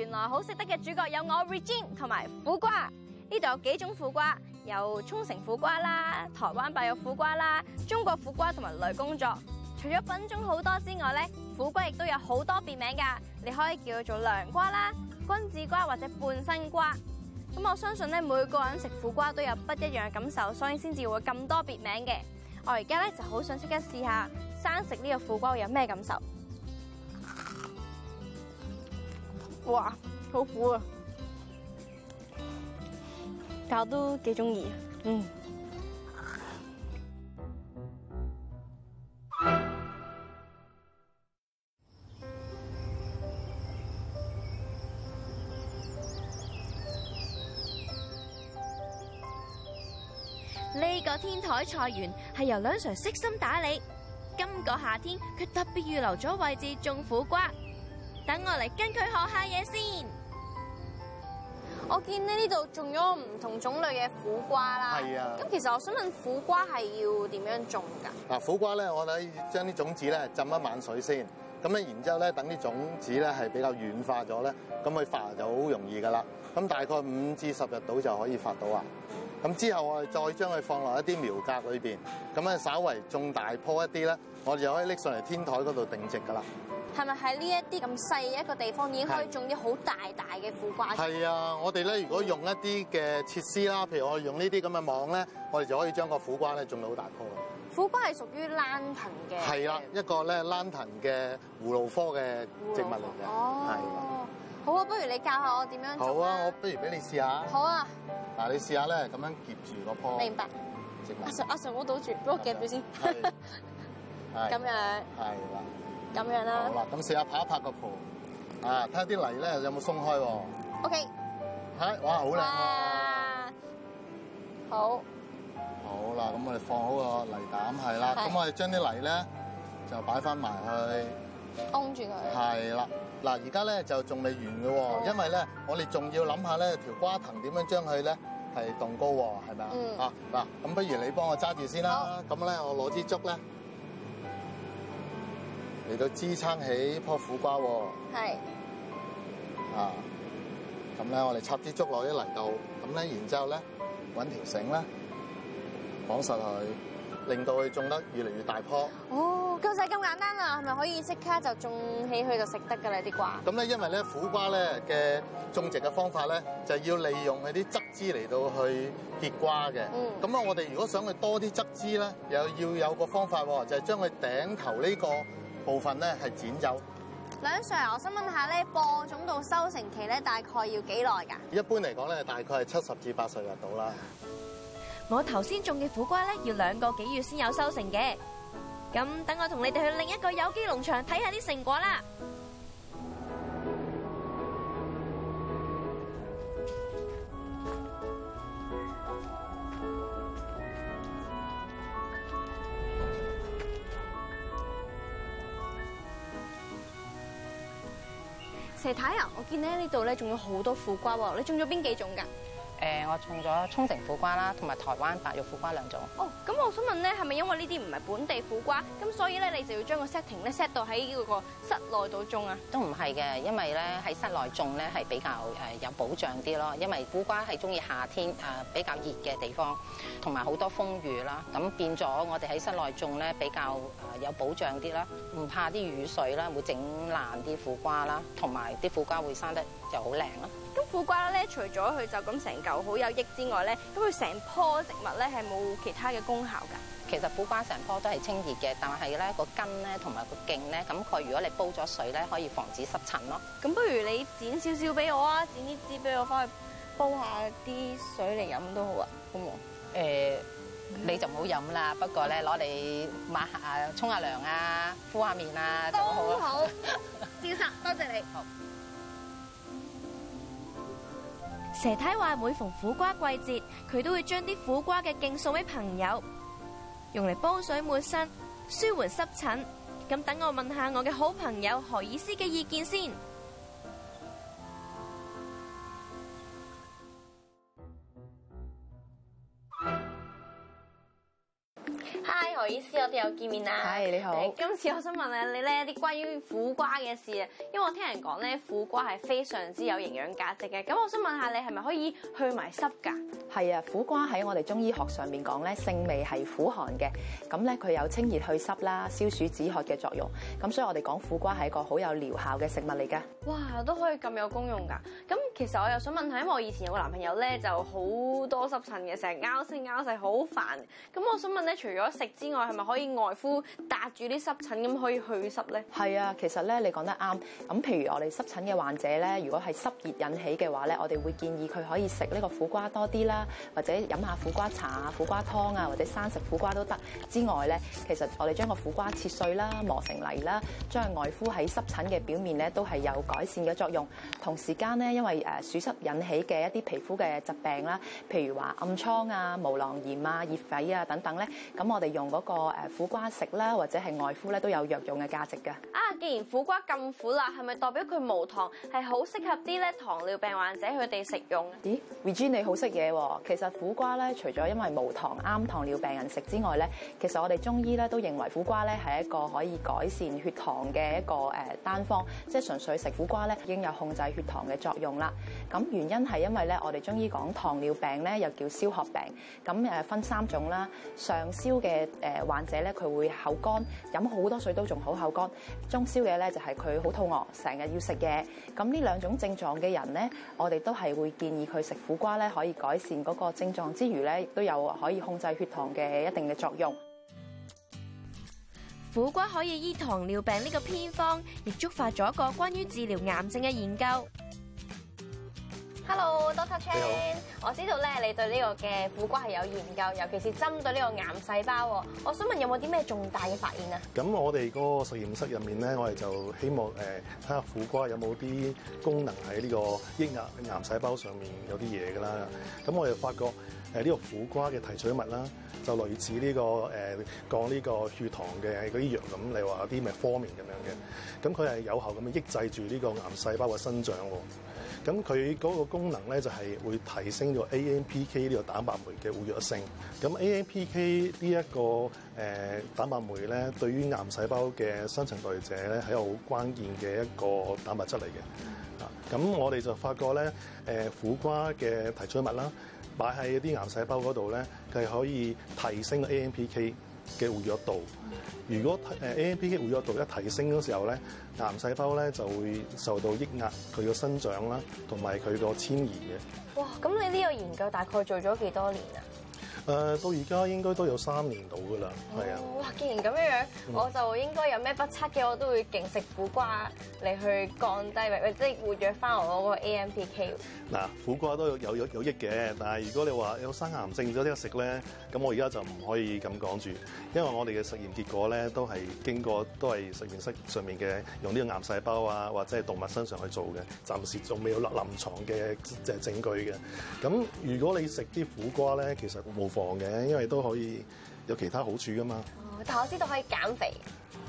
原來好識得嘅主角有我 Regen 同埋苦瓜，呢度有幾種苦瓜，有沖繩苦瓜啦、台灣白肉苦瓜啦、中國苦瓜同埋雷公作。除咗品種好多之外咧，苦瓜亦都有好多別名噶，你可以叫佢做涼瓜啦、君子瓜或者半生瓜。咁我相信咧，每個人食苦瓜都有不一樣嘅感受，所以先至會咁多別名嘅。我而家咧就好想即刻試下生食呢個苦瓜會有咩感受。哇，好苦啊！但我都幾中意。嗯，呢個天台菜園係由梁 Sir 悉心打理。今個夏天佢特別預留咗位置種苦瓜。等我嚟跟佢學下嘢先。我見咧呢度種咗唔同種類嘅苦瓜啦。係啊。咁其實我想問苦瓜係要點樣種㗎？嗱，苦瓜咧，我哋將啲種子咧浸一晚水先。咁咧，然之後咧，等啲種子咧係比較軟化咗咧，咁佢發就好容易㗎啦。咁大概五至十日到就可以發到啊。咁之後我哋再將佢放落一啲苗格裏邊，咁咧稍微種大棵一啲咧，我哋又可以拎上嚟天台嗰度定植噶啦。係咪喺呢一啲咁細一個地方已經可以種啲好大大嘅苦瓜？係啊，我哋咧如果用一啲嘅設施啦，譬如我用呢啲咁嘅網咧，我哋就可以將個苦瓜咧種到好大棵。苦瓜係屬於蘭藤嘅。係啦，一個咧蘭藤嘅葫蘆科嘅植物嚟嘅。哦，係啊，好啊，不如你教下我點樣做啦？好啊，我不如俾你試下。好啊。嗱，你試下咧，咁樣夾住嗰棵，明白？阿 Sir，阿阿 Sir 唔好倒住，俾我夾住先。係。咁 的樣。係啦。咁樣啦、啊。好啦，咁試下拍一拍個盆，啊，睇下啲泥咧有冇鬆開喎、啊。O Okay K。嚇、啊！哇，好靚喎。好。好啦，咁我哋放好個泥膽，係啦，咁的我哋將啲泥咧就擺翻埋去。安住佢係啦，嗱，而家咧就仲未完嘅，哦、因為咧我哋仲要諗下咧條瓜藤點樣將佢咧係凍高，係咪、嗯、啊？啊，嗱，咁不如你幫我揸住先啦、啊，咁咧、哦、我攞支竹咧嚟到支撐起棵苦瓜，係是啊，咁咧我哋插支竹落啲泥度，咁咧然之後咧搵條繩咧綁實佢。令到佢種得越嚟越大棵。哦，咁就係咁簡單啦，係咪可以即刻就種起佢就食得㗎啦啲瓜？咁咧，因為咧苦瓜咧嘅種植嘅方法咧，嗯、就係要利用佢啲側枝嚟到去結瓜嘅。嗯。咁啊，我哋如果想佢多啲側枝咧，又要有個方法喎，就係將佢頂頭呢個部分咧係剪走。梁 sir，我想問下咧，播種到收成期咧，大概要幾耐㗎？一般嚟講咧，大概係七十至八十日到啦。我頭先種嘅苦瓜咧，要兩個幾月先有收成嘅。咁等我同你哋去另一個有機農場睇下啲成果啦。謝太啊，我見咧呢度咧種咗好多苦瓜喎，你種咗邊幾種㗎？誒，我種咗沖繩苦瓜啦，同埋台灣白玉苦瓜兩種。哦，咁我想問咧，係咪因為呢啲唔係本地苦瓜，咁所以咧你就要將個 setting 咧 set 到喺嗰個室內度種啊？都唔係嘅，因為咧喺室內種咧係比較誒有保障啲咯，因為苦瓜係鍾意夏天誒比較熱嘅地方，同埋好多風雨啦，咁變咗我哋喺室內種咧比較誒有保障啲啦，唔怕啲雨水啦會整爛啲苦瓜啦，同埋啲苦瓜會生得就好靚啦！咁苦瓜咧，除咗佢就咁成嚿好有益之外咧，咁佢成棵植物咧係冇其他嘅功效噶？其實苦瓜成棵都係清熱嘅，但係咧個根咧同埋個莖咧，咁佢如果你煲咗水咧，可以防止濕疹咯。咁不如你剪少少俾我啊，剪啲枝俾我翻去煲下啲水嚟飲都好啊。好誒、呃，你就唔好飲啦。不過咧，攞嚟抹下、沖下涼啊、敷下面啊，都好好，先生多謝你。好。蛇太話每逢苦瓜季節，佢都會將啲苦瓜嘅莖送俾朋友，用嚟煲水抹身，舒緩濕疹。咁等我問下我嘅好朋友何醫師嘅意見先。羅醫師，我哋又見面啦。係、hey, 你好、呃。今次我想問咧，你咧啲關於苦瓜嘅事啊，因為我聽人講咧，苦瓜係非常之有營養價值嘅。咁我想問下你，係咪可以去埋濕㗎？係啊，苦瓜喺我哋中醫學上面講咧，性味係苦寒嘅。咁咧佢有清熱去濕啦，消暑止渴嘅作用。咁所以我哋講苦瓜係一個好有療效嘅食物嚟㗎。哇，都可以咁有功用㗎。咁其實我又想問下，因為我以前有個男朋友咧，就好多濕疹嘅，成日拗先拗晒，好煩。咁我想問咧，除咗食之另外係咪可以外敷搭住啲濕疹咁可以祛濕咧？係啊，其實咧你講得啱。咁譬如我哋濕疹嘅患者咧，如果係濕熱引起嘅話咧，我哋會建議佢可以食呢個苦瓜多啲啦，或者飲下苦瓜茶啊、苦瓜湯啊，或者生食苦瓜都得。之外咧，其實我哋將個苦瓜切碎啦、磨成泥啦，將外敷喺濕疹嘅表面咧，都係有改善嘅作用。同時間咧，因為誒暑濕引起嘅一啲皮膚嘅疾病啦，譬如話暗瘡啊、毛囊炎啊、熱痱啊等等咧，咁我哋用、嗰個嗰個苦瓜食啦，或者係外敷咧，都有藥用嘅價值㗎。啊，既然苦瓜咁苦啦，係咪代表佢無糖係好適合啲咧糖尿病患者佢哋食用？咦，Regen 你好識嘢、啊、喎！其實苦瓜咧，除咗因為無糖啱糖尿病人食之外咧，其實我哋中醫咧都認為苦瓜咧係一個可以改善血糖嘅一個誒單方，即、就、係、是、純粹食苦瓜咧已經有控制血糖嘅作用啦。咁原因係因為咧，我哋中醫講糖尿病咧又叫消渴病，咁誒分三種啦，上消嘅誒，患者咧，佢會口乾，飲好多水都仲好口乾。中消嘅咧，就係佢好肚餓，成日要食嘢。咁呢兩種症狀嘅人咧，我哋都係會建議佢食苦瓜咧，可以改善嗰個症狀之餘咧，亦都有可以控制血糖嘅一定嘅作用。苦瓜可以醫糖尿病呢個偏方，亦觸發咗一個關於治療癌症嘅研究。Hello，Doctor Chan。我知道咧，你對呢個嘅苦瓜係有研究，尤其是針對呢個癌細胞。我想問有冇啲咩重大嘅發現啊？咁我哋嗰個實驗室入面咧，我哋就希望誒，睇下苦瓜有冇啲功能喺呢個抑壓癌細胞上面有啲嘢噶啦。咁我哋發覺誒，呢個苦瓜嘅提取物啦。就類似呢、這個誒、呃、降呢個血糖嘅嗰啲藥咁，你話啲咩 Metformin 咁樣嘅，咁佢係有效咁抑制住呢個癌細胞嘅生長喎。咁佢嗰個功能咧就係、是、會提升咗 A M P K 呢個蛋白酶嘅活躍性。咁 A M P K 呢、這、一個誒、呃、蛋白酶咧，對於癌細胞嘅新陳代謝咧，係一個好關鍵嘅一個蛋白質嚟嘅。啊，咁我哋就發覺咧，誒、呃、苦瓜嘅提取物啦。擺喺啲癌細胞嗰度咧，佢係可以提升 AMPK 嘅活躍度。如果 AMPK 活躍度一提升嗰時候咧，癌細胞咧就會受到抑壓佢個生長啦，同埋佢個遷移嘅。哇！咁你呢個研究大概做咗幾多年啊？誒到而家應該都有三年到㗎啦，係啊！哇、哦，既然咁樣樣，嗯、我就應該有咩不測嘅，我都會勁食苦瓜嚟去降低，或者即係活躍翻我嗰個 AMPK。嗱，苦瓜都有有有益嘅，但係如果你話有生癌症呢啲食咧，咁我而家就唔可以咁講住，因為我哋嘅實驗結果咧都係經過都係實驗室上面嘅，用呢個癌細胞啊或者係動物身上去做嘅，暫時仲未有臨臨牀嘅即係證據嘅。咁如果你食啲苦瓜咧，其實冇。嘅，因為都可以有其他好處噶嘛。哦，但我知道可以減肥。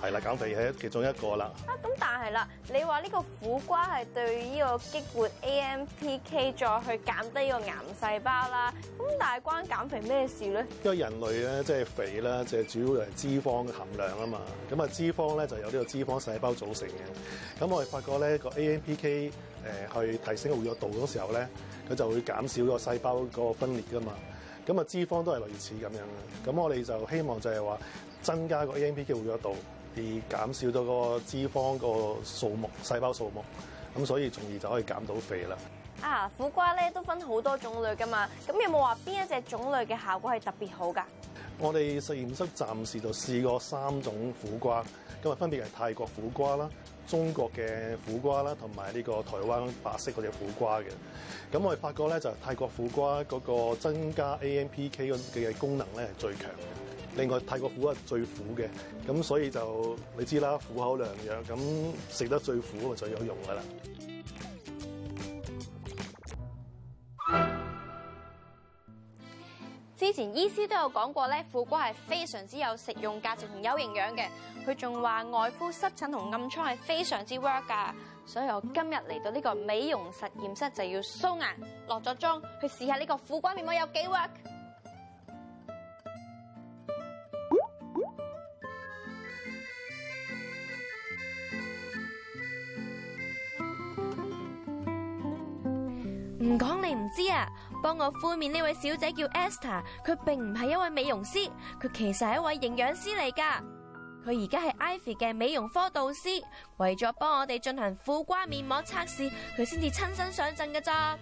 係啦，減肥係其中一個啦。啊，咁但係啦，你話呢個苦瓜係對呢個激活 AMPK 再去減低呢個癌細胞啦。咁但係關減肥咩事咧？因為人類咧即係肥啦，即係主要係脂肪嘅含量啊嘛。咁啊，脂肪咧就由呢個脂肪細胞組成嘅。咁我哋發覺咧個 AMPK 誒去提升活躍度嗰時候咧，佢就會減少個細胞個分裂噶嘛。咁啊脂肪都係類似咁樣嘅。咁我哋就希望就係話增加個 AMP 嘅活躍度，而減少咗嗰個脂肪個數目、細胞數目，咁所以從而就可以減到肥啦。啊，苦瓜咧都分好多種類噶嘛，咁有冇話邊一隻種,種類嘅效果係特別好㗎？我哋實驗室暫時就試過三種苦瓜，咁啊分別係泰國苦瓜啦、中國嘅苦瓜啦，同埋呢個台灣白色嗰隻苦瓜嘅。咁我哋發覺咧就係、泰國苦瓜嗰個增加 AMPK 嘅功能咧係最強嘅。另外泰國苦瓜係最苦嘅，咁所以就你知啦，苦口良藥，咁食得最苦咪最有用噶啦。之前醫師都有講過咧，苦瓜係非常之有食用價值同有營養嘅。佢仲話外敷濕疹同暗瘡係非常之 work 㗎。所以我今日嚟到呢個美容實驗室就要素顏落咗妝去試下呢個苦瓜面膜有幾 work。唔講你唔知啊！幫我敷面呢位小姐叫 Esther，佢並唔係一位美容師，佢其實係一位營養師嚟噶。佢而家係 IVE 嘅美容科導師，為咗幫我哋進行苦瓜面膜測試，佢先至親身上陣嘅咋。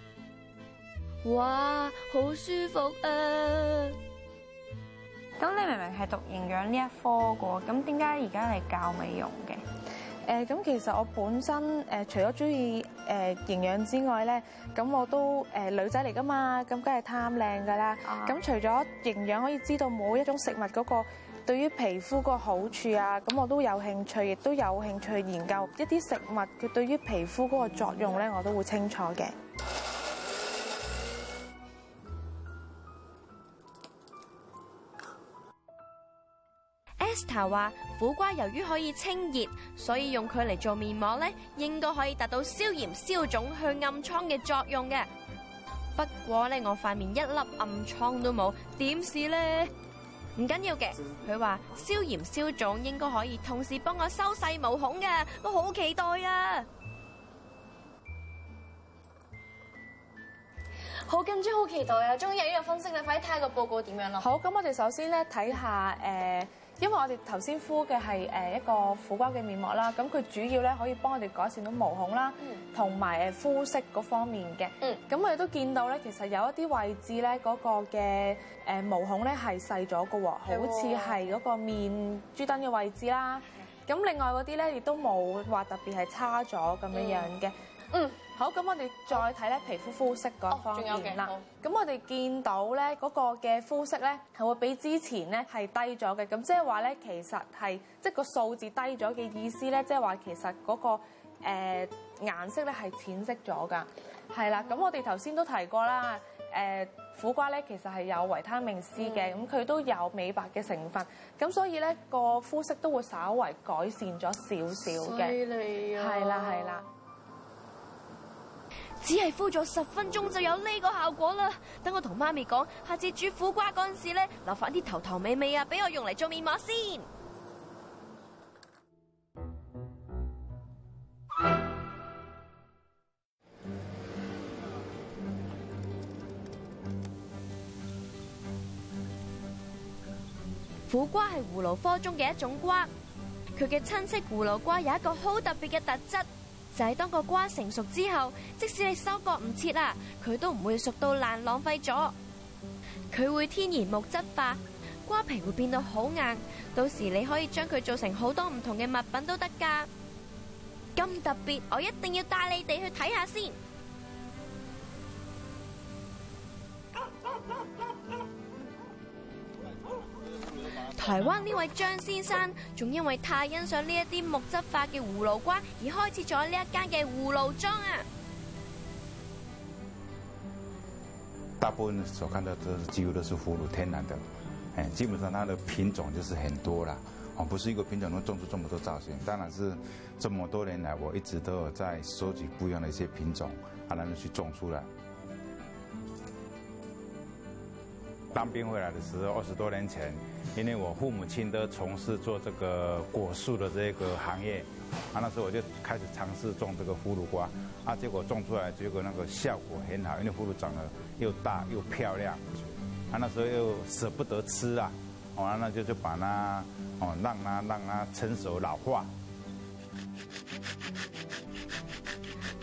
哇，好舒服啊！咁你明明係讀營養呢一科噶，咁點解而家係教美容嘅？誒，咁其實我本身誒，除咗中意誒營養之外咧，咁我都誒，女仔嚟㗎嘛，咁梗係貪靚㗎啦。咁除咗營養可以知道每一種食物嗰個對於皮膚個好處啊，咁我都有興趣，亦都有興趣研究一啲食物佢對於皮膚嗰個作用咧，我都會清楚嘅。頭話苦瓜，由於可以清熱，所以用佢嚟做面膜咧，應該可以達到消炎消腫去暗瘡嘅作用嘅。不過咧，我塊面一粒暗瘡都冇，點試咧？唔緊要嘅。佢話消炎消腫應該可以同時幫我收細毛孔嘅，我好期待啊！好緊張，好期待啊！終於有呢個分析啦，快啲睇下個報告點樣咯。好，咁我哋首先咧睇下誒。看看呃因為我哋頭先敷嘅係誒一個苦瓜嘅面膜啦，咁佢主要咧可以幫我哋改善到毛孔啦，同埋誒膚色嗰方面嘅。咁、嗯、我哋都見到咧，其實有一啲位置咧嗰、嗰個嘅誒毛孔咧係細咗個喎，好似係嗰個面珠燈嘅位置啦。咁另外嗰啲咧亦都冇話特別係差咗咁樣樣嘅。嗯。嗯，好。咁我哋再睇咧皮膚膚色嗰一方面啦。咁、哦、我哋見到咧嗰、那個嘅膚色咧係會比之前咧係低咗嘅。咁即係話咧，其實係即、就是、個數字低咗嘅意思咧，即係話其實嗰、那個誒、呃、顏色咧係淺色咗㗎。係啦，咁我哋頭先都提過啦。誒、呃、苦瓜咧其實係有維他命 C 嘅，咁佢、嗯、都有美白嘅成分，咁所以咧、那個膚色都會稍為改善咗少少嘅。犀利啊！係啦，係啦。只係敷咗十分鐘就有呢個效果啦！等我同媽咪講，下次煮苦瓜嗰陣時咧，留返啲頭頭尾尾啊，俾我用嚟做面膜先。苦瓜係葫蘆科中嘅一種瓜，佢嘅親戚葫蘆瓜有一個好特別嘅特質。就係當個瓜成熟之後，即使你收割唔切啦，佢都唔會熟到爛，浪費咗。佢會天然木質化，瓜皮會變到好硬，到時你可以將佢做成好多唔同嘅物品都得噶。咁特別，我一定要帶你哋去睇下先。啊啊啊台灣呢位張先生，仲因為太欣賞呢一啲木質化嘅葫蘆瓜，而開始咗呢一間嘅葫蘆莊啊！大部分所看到都幾乎都是葫蘆天然的，基本上它的品種就是很多啦，哦，不是一個品種能種出這麼多造型。當然，是這麼多年來，我一直都有在收集不一樣的一些品種，啊，度去種出來。當兵回來的時候，二十多年前，因為我父母親都從事做這個果樹的這個行業，啊，那時候我就開始嘗試種這個葫蘆瓜，啊，結果種出來，結果那個效果很好，因為葫蘆長得又大又漂亮，他、啊、那時候又捨不得吃啊，哦、啊，那就就把它，哦，讓它讓它成熟老化。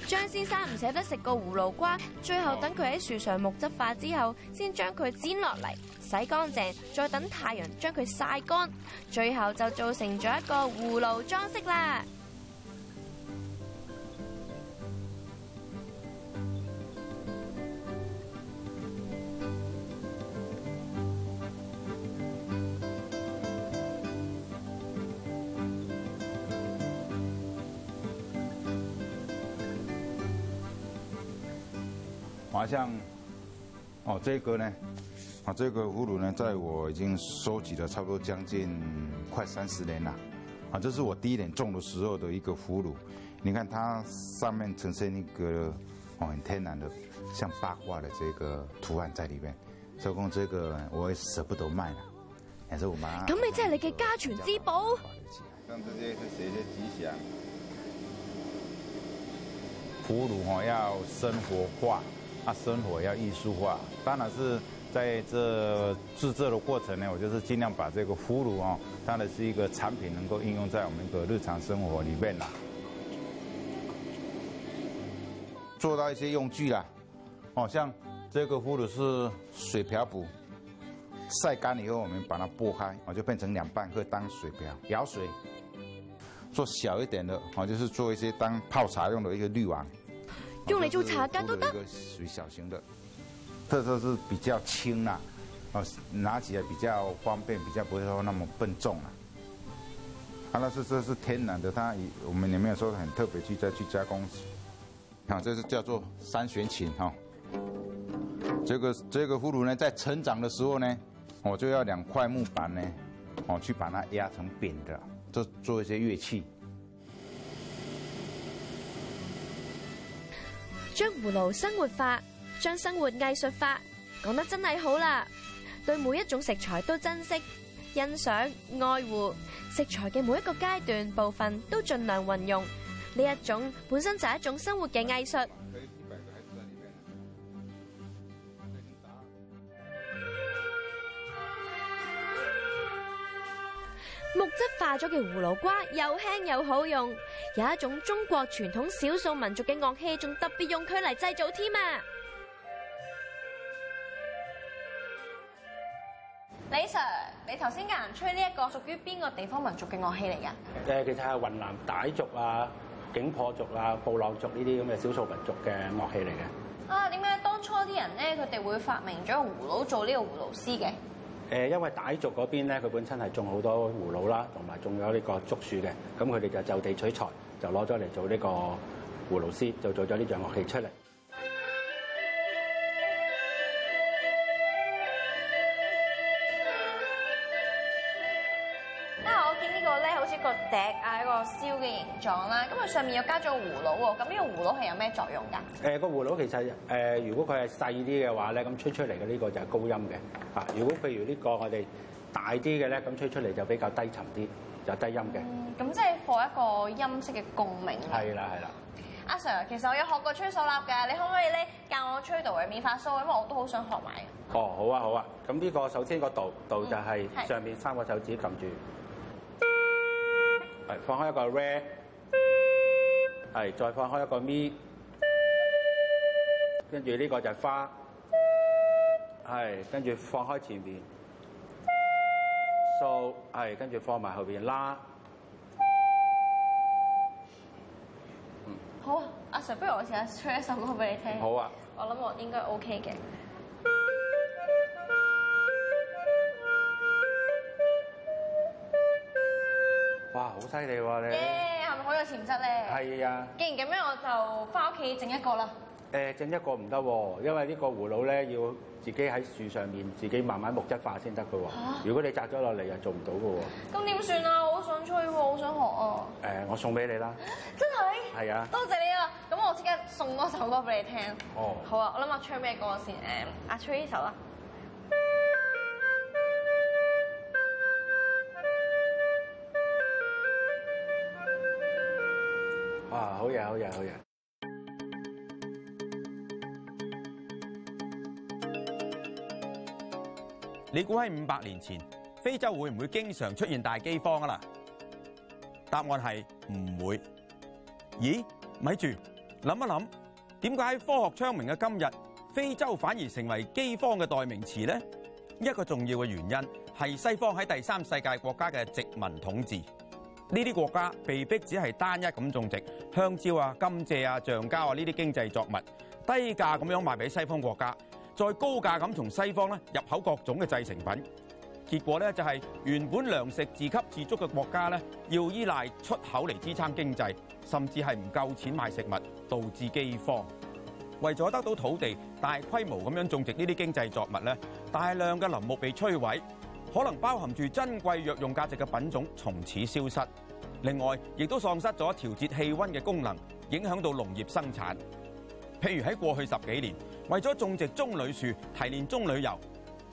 張先生唔捨得食個葫蘆瓜，最後等佢喺樹上木質化之後，先將佢剪落嚟，洗乾淨，再等太陽將佢曬乾，最後就做成咗一個葫蘆裝飾啦。好像哦，這個呢，啊、哦、這個葫蘆呢，在我已經收集了差不多將近快三十年了。啊、哦，這是我第一年種的時候的一個葫蘆，你看它上面呈現一個哦很天然的像八卦的這個圖案在裏面。何工這個我也捨不得賣了，也是我媽。咁你真係你嘅家傳之寶。像這些都寫吉祥。葫蘆哦，要生活化。它、啊、生活要藝術化，當然是在這製作的過程呢，我就是盡量把這個葫蘆啊、哦，當然是一個產品能夠應用在我們的日常生活裏面了，做到一些用具啦，哦像這個葫蘆是水瓢補，曬乾以後我們把它剝開，我就變成兩半，可以當水瓢舀水，做小一點的哦，就是做一些當泡茶用的一個濾網。用來做茶干都得。哦就是、一個屬於小型的，特色是比較輕啦、啊，哦，拿起來比較方便，比較不會說那麼笨重啊。它那是這是天然的，它我們也沒有說很特別去再去加工。好、啊，這是叫做三絃琴哈、哦。這個這個葫蘆呢，在成長的時候呢，我、哦、就要兩塊木板呢，哦，去把它壓成扁的，做做一些樂器。將葫蘆生活化，將生活藝術化，講得真係好啦！對每一種食材都珍惜、欣賞、愛護，食材嘅每一個階段部分都盡量運用，呢一種本身就係一種生活嘅藝術。木質化咗嘅葫蘆瓜又輕又好用，有一種中國傳統少數民族嘅樂器，仲特別用佢嚟製造添啊！李 Sir，你頭先吟吹呢一個屬於邊個地方民族嘅樂器嚟噶？誒，其實係雲南傣族啊、景頗族啊、布朗族呢啲咁嘅少數民族嘅樂器嚟嘅。啊，點解當初啲人咧，佢哋會發明咗葫蘆做呢個葫蘆絲嘅？誒，因為傣族嗰邊咧，佢本身係種好多葫蘆啦，同埋種咗呢個竹樹嘅，咁佢哋就就地取材，就攞咗嚟做呢個葫蘆絲，就做咗呢種樂器出嚟。笛啊，一個燒嘅形狀啦，咁佢上面又加咗葫蘆喎，咁呢個葫蘆係有咩作用㗎？誒個、呃、葫蘆其實誒、呃，如果佢係細啲嘅話咧，咁吹出嚟嘅呢個就係高音嘅，嚇、啊；如果譬如呢個我哋大啲嘅咧，咁吹出嚟就比較低沉啲，就低音嘅。咁即係放一個音色嘅共鳴。係啦係啦。阿、啊、Sir，其實我有學過吹手鈿嘅，你可唔可以咧教我吹到嘅咪發梳？因為我都好想學埋。哦，好啊好啊，咁呢個首先個度度就係上面三個手指撳住、嗯。放開一個 re，係，再放開一個 mi，跟住呢個就係 fa，係，跟住放開前邊，so，係，跟住放埋後邊 la，嗯，好啊，阿 Sir，不如我試下唱一首歌俾你聽？好啊，我諗我應該 OK 嘅。好犀利喎你！係咪好有潛質咧？係啊，既然咁樣，我就翻屋企整一個啦。誒、呃，整一個唔得喎，因為呢個葫蘆咧要自己喺樹上面，自己慢慢木質化先得嘅喎。啊、如果你摘咗落嚟，又做唔到嘅喎、啊。咁點算啊？我好想吹喎，我好想學啊。誒、呃，我送俾你啦，真係的？係啊。多謝你啊！咁我即刻送多首歌俾你聽。哦。好啊，我諗下吹咩歌先？誒、啊，阿吹呢首啦。啊，好嘢，好嘢，好嘢！你估喺五百年前，非洲會唔會經常出現大饑荒啊？啦，答案係唔會。咦，咪住，諗一諗，點解科學昌明嘅今日，非洲反而成為饑荒嘅代名詞呢？一個重要嘅原因係西方喺第三世界國家嘅殖民統治。呢啲國家被逼只係單一咁種植香蕉啊、甘蔗啊、橡膠啊呢啲經濟作物，低價咁樣賣俾西方國家，再高價咁從西方咧入口各種嘅製成品，結果咧就係原本糧食自給自足嘅國家咧要依賴出口嚟支撐經濟，甚至係唔夠錢買食物，導致饑荒。為咗得到土地，大規模咁樣種植呢啲經濟作物咧，大量嘅林木被摧毀。可能包含住珍貴藥用價值嘅品種從此消失，另外亦都喪失咗調節氣溫嘅功能，影響到農業生產。譬如喺過去十幾年，為咗種植棕櫚樹提煉棕櫚油，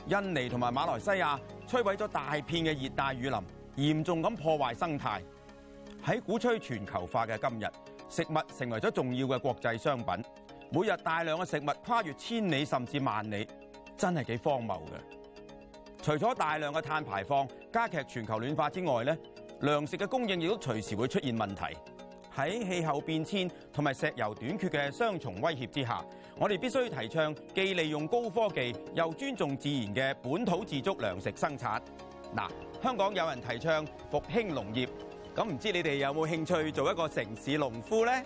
印尼同埋馬來西亞摧毀咗大片嘅熱帶雨林，嚴重咁破壞生態。喺鼓吹全球化嘅今日，食物成為咗重要嘅國際商品，每日大量嘅食物跨越千里甚至萬里，真係幾荒謬嘅。除咗大量嘅碳排放加劇全球暖化之外，呢糧食嘅供應亦都隨時會出現問題。喺氣候變遷同埋石油短缺嘅雙重威脅之下，我哋必須提倡既利用高科技又尊重自然嘅本土自足糧食生產。嗱，香港有人提倡復興農業，咁唔知你哋有冇興趣做一個城市農夫咧？